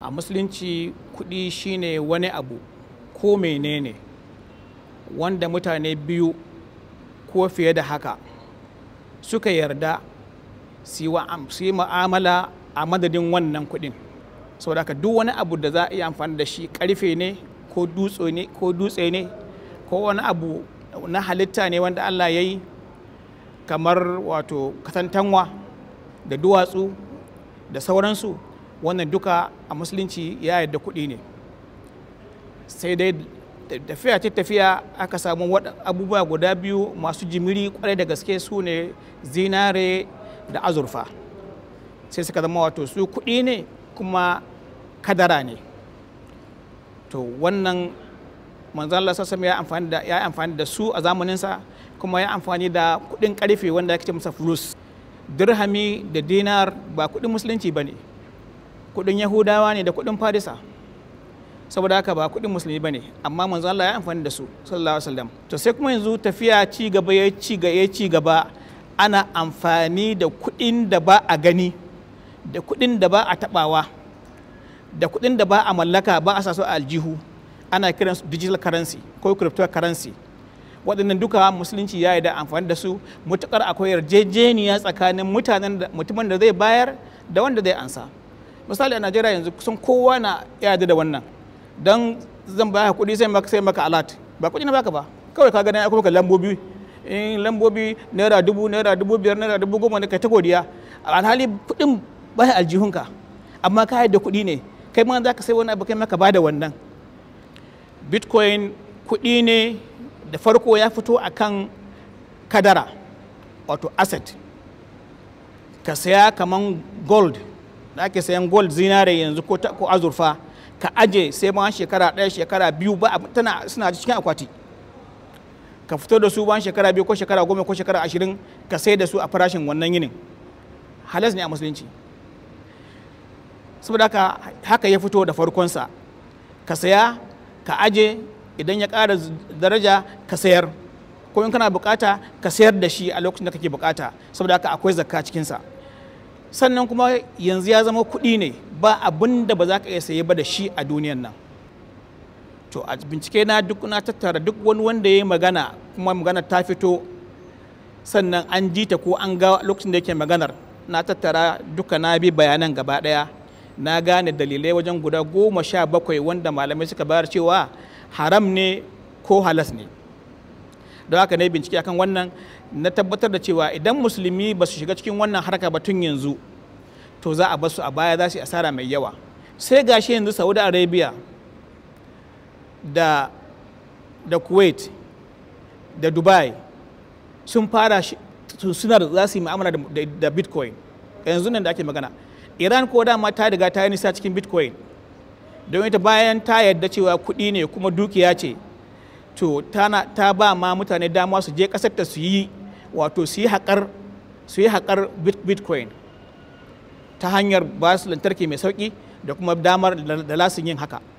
a musulunci kuɗi shine wani abu ko menene wanda mutane biyu ko fiye da haka suka yarda su yi ma'amala a madadin wannan kuɗin saboda haka duk wani abu da za a iya amfani da shi karfe ne ko dutse ne ko wani abu na halitta ne wanda allah ya yi kamar wato katantanwa da duwatsu da sauransu wannan duka a musulunci ya yadda kuɗi ne sai dai tafiya ta tafiya aka samu abubuwa guda biyu masu jimiri kwarai da gaske su ne zinare da azurfa sai suka zama wato su kuɗi ne kuma kadara ne to wannan manzan Allah sassam ya yi amfani da su a zamaninsa kuma ya amfani da kuɗin karfe wanda ya ce masa fulus dirhami da dinar ba kuɗin musulunci ba ne kudin yahudawa ne da kudin farisa saboda haka ba kudin musulmi ne. amma manzo Allah ya amfani da su sallallahu alaihi wasallam to sai kuma yanzu tafiya ci gaba ya ci ga ya ci gaba ana amfani da kudin da ba a gani da kudin da ba a tabawa da kudin da ba a mallaka ba a sasu a aljihu ana kiran su digital currency ko crypto currency. waɗannan duka musulunci ya yi da amfani da su mutukar akwai yarjejeniya tsakanin mutanen mutumin da zai bayar da wanda zai ansa misali a najeriya yanzu kusan kowa na yadda da wannan don zan baka kuɗi sai maka sai alat ba kuɗi na baka ba kawai ka gani akwai lambobi in lambobi naira dubu naira dubu biyar naira dubu goma ne kai ta godiya alhali kuɗin baya aljihunka amma ka da kuɗi ne kai ma za ka sai wani abu kai maka bada wannan bitcoin kuɗi ne da farko ya fito a kan kadara wato asset ka saya kaman gold da ake sayan gold zinare yanzu ko ta ko azurfa ka aje sai bayan shekara ɗaya shekara biyu ba tana suna cikin akwati ka fito da su ba shekara biyu ko shekara goma ko shekara ashirin ka sai da su a farashin wannan yinin halas ne a musulunci saboda haka haka ya fito da farkonsa ka saya ka aje idan ya kara daraja ka sayar ko in kana bukata ka sayar da shi a lokacin da kake bukata saboda haka akwai zakka cikinsa sannan kuma yanzu ya zama kuɗi ne ba abin da ba za ka iya saye ba da shi a duniyan nan to a bincike na duk na tattara duk wani wanda ya yi magana kuma magana ta fito sannan an ji ta ko an ga lokacin da yake maganar na tattara duka na bi bayanan gaba ɗaya na gane dalilai wajen guda goma sha bakwai wanda malamai suka bayar cewa haram ne ko halas ne don haka na bincike akan wannan na tabbatar da cewa idan musulmi ba su shiga cikin wannan harka ba tun yanzu to za a ba su a baya za su asara mai yawa sai gashi yanzu saudi arabia da kuwait da dubai sun fara suna da za su yi mu'amala da bitcoin yanzu nan da ake magana iran ko dama ta riga ta yi nisa cikin bitcoin don ita bayan ta yadda cewa kuɗi ne kuma dukiya ce to ta ba ma mutane dama su je kasar ta su yi wato su yi haƙar su yi haƙar bitcoin ta hanyar ba su lantarki mai sauƙi da kuma damar da lasin yin haka